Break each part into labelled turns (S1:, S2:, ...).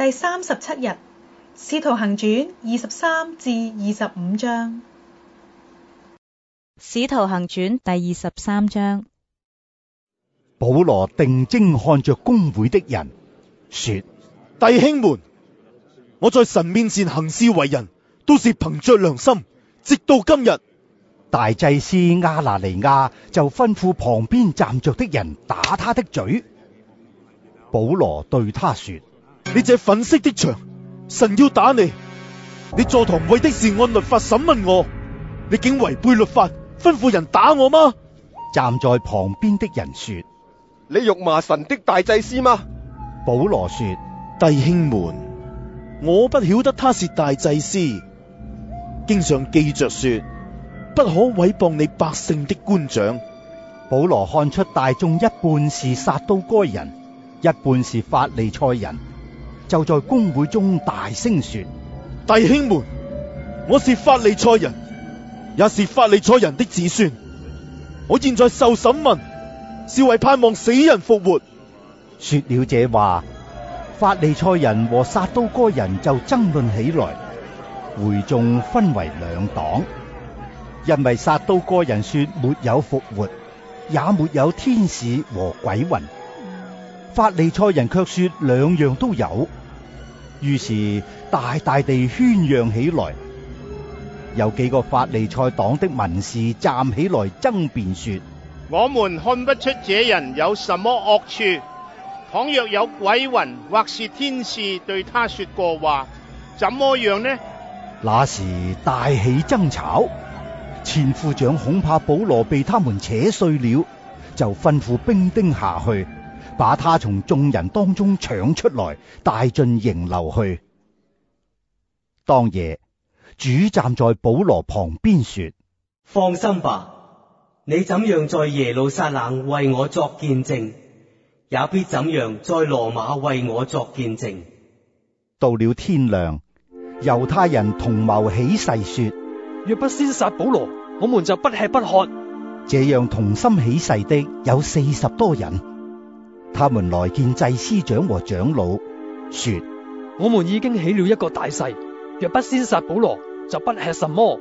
S1: 第三十七日，使徒行傳二十三至二十五章。使徒行傳第二十三章。保羅定睛看着公會的人，說：弟兄們，我在神面前行事為人，都是憑着良心。直到今日，大祭司亞拿尼亞
S2: 就吩咐旁邊站着的人打他的嘴。保羅對
S1: 他說。你這粉飾的牆，神要打你，你坐堂為的是按律法審問我，你竟違背律法，吩咐人打我嗎？站在旁邊的人說：你辱罵神的大祭司嗎？保羅說：弟兄們，我不曉得他是大祭司，經常記着說，不可毀謗你百姓的官長。
S2: 保羅看出大眾一半是撒都該人，一半是法利
S1: 賽人。就在公會中大聲說：弟兄們，我是法利賽人，也是法利賽人的子孫。我現在受審問，是為盼望死人復活。說了這話，
S2: 法利賽人和撒都該人就爭論起來，會眾分為兩黨。因為撒都該人說沒有復活，也沒有天使和鬼魂；法利賽人卻說兩樣都有。於是大大地喧嚷起來，有幾個法利賽黨的文士站起來爭辯說：
S1: 我們看不出這人有什麼惡處。倘若有鬼魂或是天使對他說過話，怎麼樣呢？
S2: 那時大起爭吵，千夫長恐怕保羅被他們扯碎了，就吩咐兵丁下去。把他從眾人當中搶出來，帶進營樓去。當夜，主站在保羅旁邊說：
S3: 放心吧，你怎樣在耶路撒冷為我作見證，也必怎樣在羅馬為我作見證。
S2: 到了天亮，猶太人同謀起誓說：
S4: 若不先殺保羅，我們就不吃不喝。
S2: 這樣同心起誓的有四十多人。他們來見祭司長和長
S4: 老，說：我們已經起了一個大誓，若不先殺保羅，就不吃什麼。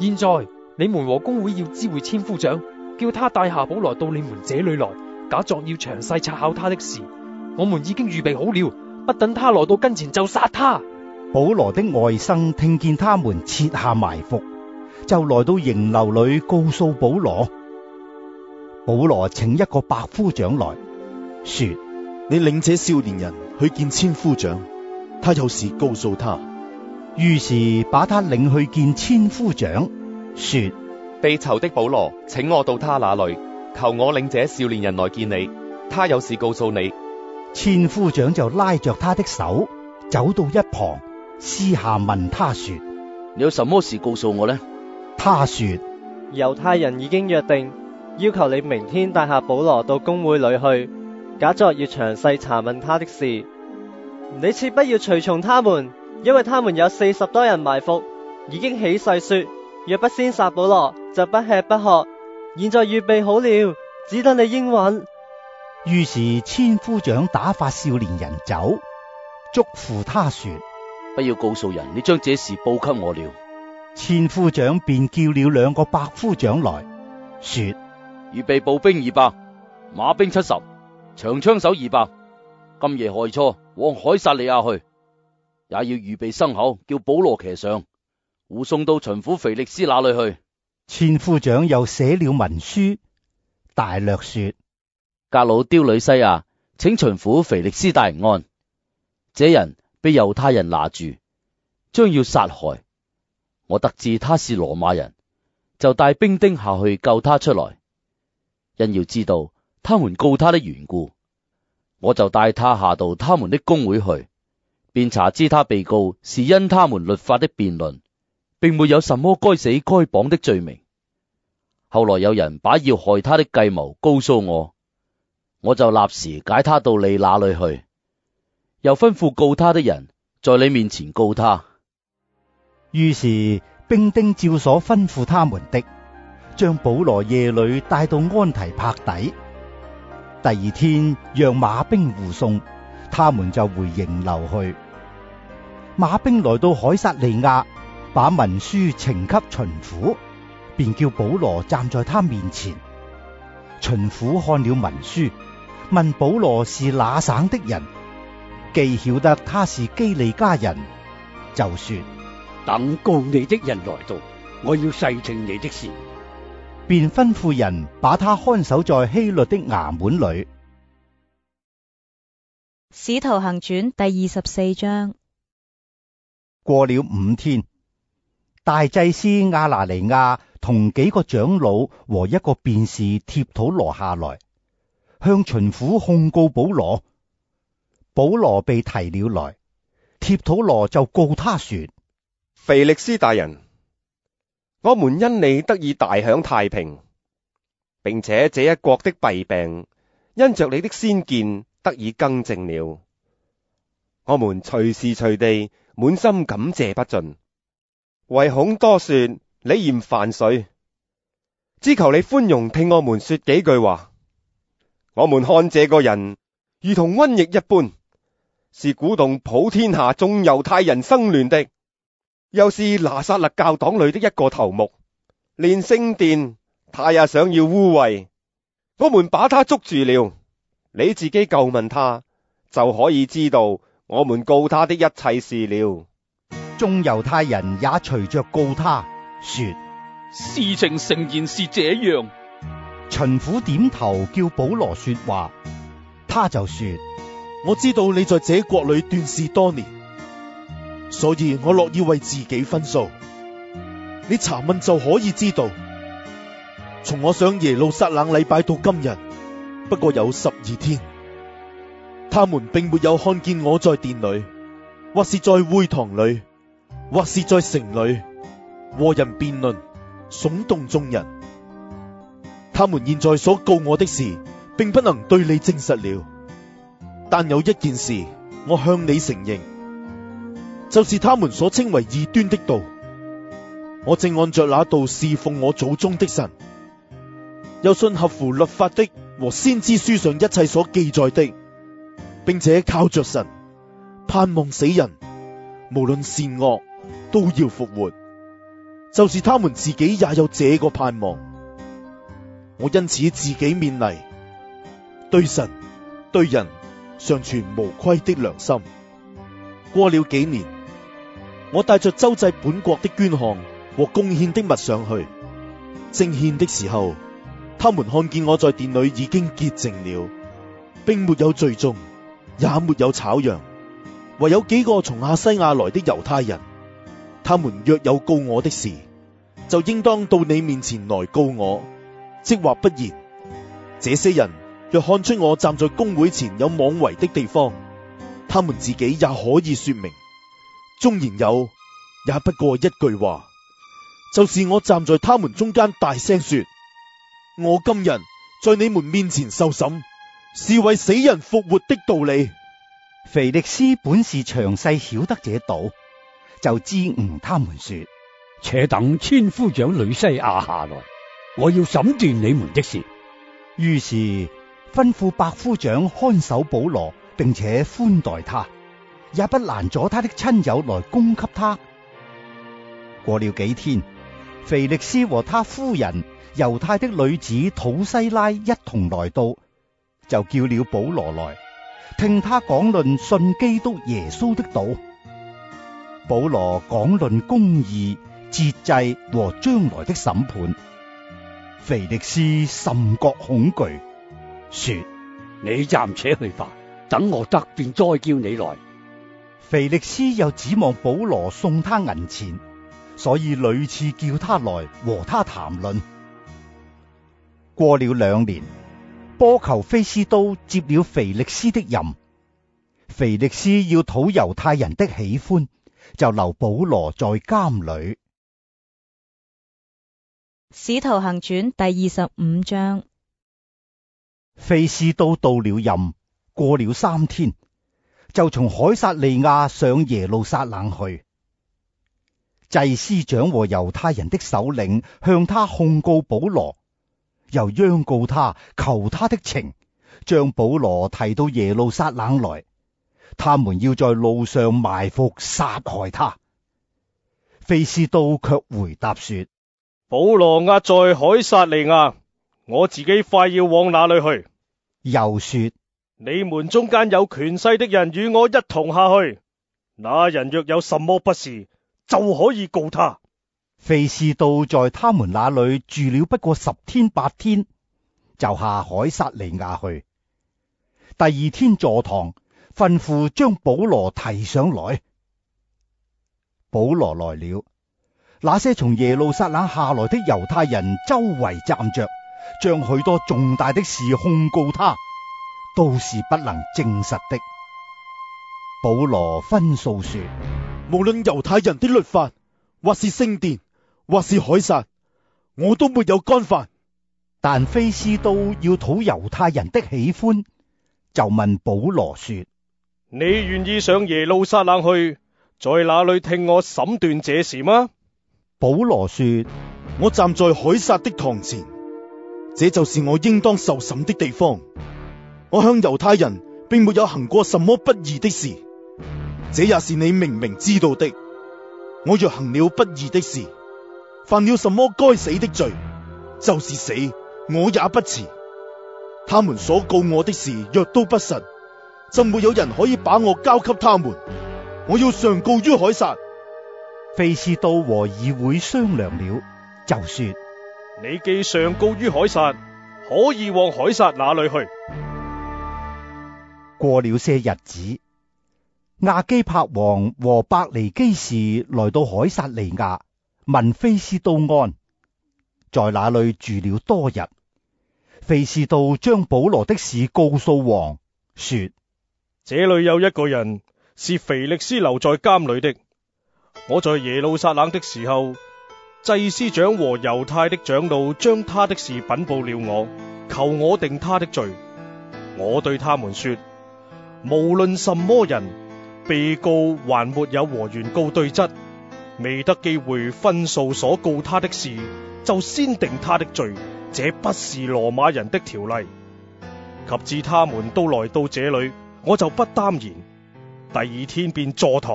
S4: 現在你們和公會要知會千夫長，叫他帶下保羅到你們這裏來，假作要詳細查考他的事。我們已經預備好了，不等他來到跟前就殺他。
S2: 保羅的外甥聽見他們設下埋伏，就來到營樓裏告訴保羅：
S1: 保羅，請一個百夫長來。說：你領這少年人去見千夫長，他有事告訴他。於是把他領
S2: 去見千夫長，說：
S3: 被囚的保羅，請我到他那裏，求我領這少年人來見你。他有事告訴你。
S2: 千夫長就拉着他的手走到一旁，私下問他說：你
S3: 有什麼事告訴我呢？他說：
S4: 猶太人已經約定，要
S2: 求你明天帶下保羅到公會裏去。假作要詳細查問他的事，你切不要隨從他們，因為他們有四十多人埋伏，已經起誓說：若不先殺保羅，就不吃不喝。現在預備好了，只等你應允。於是千夫長打發少年人走，囑咐他說：
S3: 不要告訴人，你將這事報給我了。
S2: 千夫長便叫了兩個百夫長來說：
S3: 預備步兵二百，馬兵七十。長槍手二百，今夜亥初往該撒利亞去，也要預備牲口，叫保羅騎上，護送到巡撫腓力斯那裏去。千夫長又寫了文書，大略說：革老丟呂西亞，請巡撫腓力斯大人安。這人被猶太人拿住，將要殺害。我得知他是羅馬人，就帶兵丁下去救他出來，因要知道。他們告他的緣故，我就帶他下到他們的公會去，便查知他被告是因他們律法的辯論，並沒有什麼該死該綁的罪名。後來有人把要害他的計謀告訴我，我就立時解他到你那裏去，又吩咐告他的人在你面前告他。於是
S2: 兵丁照所吩咐他們的，將保羅夜裏帶到安提帕底。第二天，讓馬兵護送，他們就回營樓去。馬兵來到海撒利亞，把文書呈給巡撫，便叫保羅站在他面前。巡撫看了文書，問保羅是哪省的人，既曉得他是基利家人，就說：等告你的人來到，我要細聽你的事。便吩咐人把他看守在希律的衙門裏。
S1: 《使徒行傳》第二十四章。
S2: 過了五天，大祭司亞拿尼亞同幾個長老和一個辯士帖土羅下來，向巡撫控告保羅。保羅被提了來，帖土羅就告他說：腓力斯大人。我們因你得以大享太平，並且這一國的弊病，因着你的先見得以更正了。我們隨時隨地滿心感謝不盡，唯恐多說你嫌煩瑣，只求你寬容聽我們說幾句話。我們看這個人如同瘟疫一般，是鼓動普天下眾猶太人生亂的。又是拿撒勒教黨裏的一個頭目，連聖殿他也想要污穢。我們把他捉住了，你自己究問他就可以知道我們告他的一切事了。眾猶太人也隨着告他說：
S1: 事情誠然是這樣。
S2: 巡
S1: 撫點頭叫保羅說話，他就說：我知道你在這國裏斷事多年。所以我樂意為自己分數。你查問就可以知道，從我上耶路撒冷禮拜到今日，不過有十二天。他們並沒有看見我在殿裏，或是在會堂裏，或是在城裏和人辯論，聳動眾人。他們現在所告我的事，並不能對你證實了。但有一件事，我向你承認。就是他們所稱為異端的道，我正按着那道侍奉我祖宗的神，又信合乎律法的和先知書上一切所記載的，並且靠着神盼望死人無論善惡都要復活，就是他們自己也有這個盼望，我因此自己勉勵，對神對人尚存無愧的良心。過了幾年。我帶着賑濟本國的捐項和貢獻的物上去，正獻的時候，他們看見我在殿裏已經潔淨了，並沒有聚眾，也沒有吵嚷，唯有幾個從亞細亞來的猶太人，他們若有告我的事，就應當到你面前來告我，即或不然，這些人若看出我站在公會前有妄為的地方，他們自己也可以說明。縱然有，也不過一句話，就是我站在他們中間大聲說：我今日在你們面前受審，是為死人復活的道理。腓
S2: 力斯本是詳細曉得這道，就支吾他們說，且等千夫長呂西亞下來，我要審斷你們的事。於是吩咐百夫長看守保羅，並且寬待他。也不攔阻他的親友來供給他。過了幾天，腓力斯和他夫人、猶太的女子土西拉一同來到，就叫了保羅來，聽他講論信基督耶穌的道。保羅講論公義、節制和將來的審判。腓力斯甚覺恐懼，說：你暫且去吧，等我得便再叫你來。腓力斯又指望保羅送他銀錢，所以屢次叫他來和他談論。過了兩年，波求菲斯都接了腓力斯的任，腓力斯要討猶太人的喜歡，就留保羅在監裏。
S1: 《使徒行傳》第二十五章。
S2: 菲斯都到了任，過了三天。就從海撒利亞上耶路撒冷去，祭司長和猶太人的首領向他控告保羅，又央告他求他的情，將保羅提到耶路撒冷來，他們要在路上埋伏殺害他。腓斯都卻回答說：
S4: 保羅押在海撒利亞，我自己快要往哪裏去？
S2: 又說。
S4: 你們中間有權勢的人與我一同下去，那人若有什麼不是，就可以告他。
S2: 非斯都在他們那裏住了不過十天八天，就下該撒利亞去。第二天坐堂，吩咐將保羅提上來。保羅來了，那些從耶路撒冷下來的猶太人周圍站着，將許多重大的事控告他。都是不能證實的。
S1: 保羅分訴說，無論猶太人的律法，或是聖殿，或是海撒，我都沒有干犯。但非斯都
S2: 要討猶太人的喜歡，就問保羅說：
S4: 你願意上耶路撒冷去，在那裏聽我審斷這事嗎？
S1: 保羅說，我站在海撒的堂前，這就是我應當受審的地方。我向猶太人並沒有行過什麼不義的事，這也是你明明知道的。我若行了不義的事，犯了什麼該死的罪，就是死我也不辭。他們所告我的事若都不實，就沒有人可以把我交給他們。我要上告於海撒。腓斯都和議會商量了，就說：
S4: 你既上告於海撒，可以往海撒那裏去。
S2: 過了些日子，亞基帕王和百尼基士來到凱撒利亞，問菲士道安，在那裏住了多日。菲士道將保羅的事告訴王，說：
S4: 這裏有一個人是腓力斯留在監裏的，我在耶路撒冷的時候，祭司長和猶太的長老將他的事稟報了我，求我定他的罪。我對他們說。無論什麼人，被告還沒有和原告對質，未得機會分訴所告他的事，就先定他的罪，這不是羅馬人的條例。及至他們都來到這裏，我就不耽延。第二天便坐堂，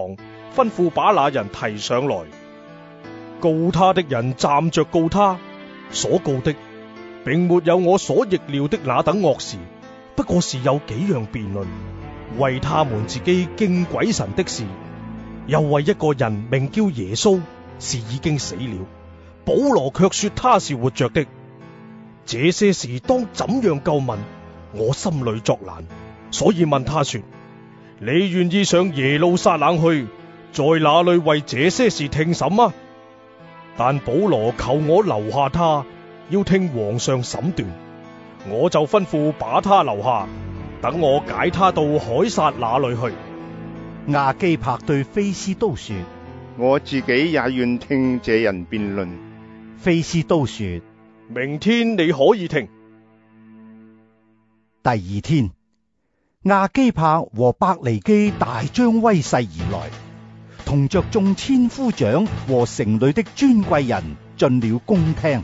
S4: 吩咐把那人提上來，告他的人站着告他，所告的並沒有我所逆料的那等惡事，不過是有幾樣辯論。為他們自己敬鬼神的事，又為一個人名叫耶穌是已經死了，保羅卻說他是活着的。這些事當怎樣究問，我心裏作難，所以問他說：你願意上耶路撒冷去，在那裏為這些事聽審嗎？但保羅求我留下他，要聽皇上審斷，我就吩咐把他留下。等我解他到海撒那裏去。亞基帕對菲斯都說：
S2: 我自己也願聽這人辯論。菲斯都說：
S4: 明天你可以聽。
S2: 第二天，亞基帕和百尼基大張威勢而來，同着眾千夫長和城裏的尊貴人進了公廳。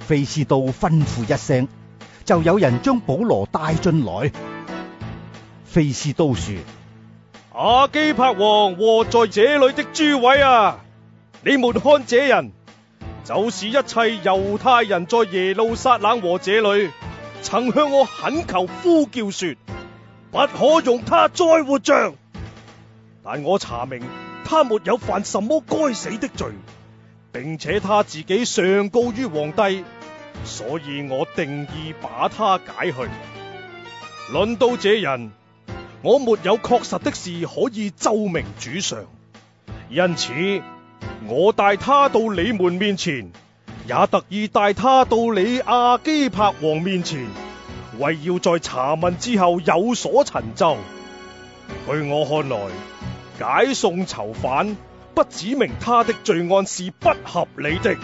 S2: 菲斯都吩咐一聲。就有人將保羅帶進來。菲斯都說：
S4: 阿基柏王和在這裏的諸位啊，你們看這人，就是一切猶太人在耶路撒冷和這裏曾向我懇求呼叫說，不可容他再活著。但我查明他沒有犯什麼該死的罪，並且他自己上告於皇帝。所以我定意把他解去。論到這人，我沒有確實的事可以奏明主上，因此我帶他到你們面前，也特意帶他到你亞基柏王面前，為要在查問之後有所陳奏。據我看來，解送囚犯不指明他的罪案是
S1: 不合理的。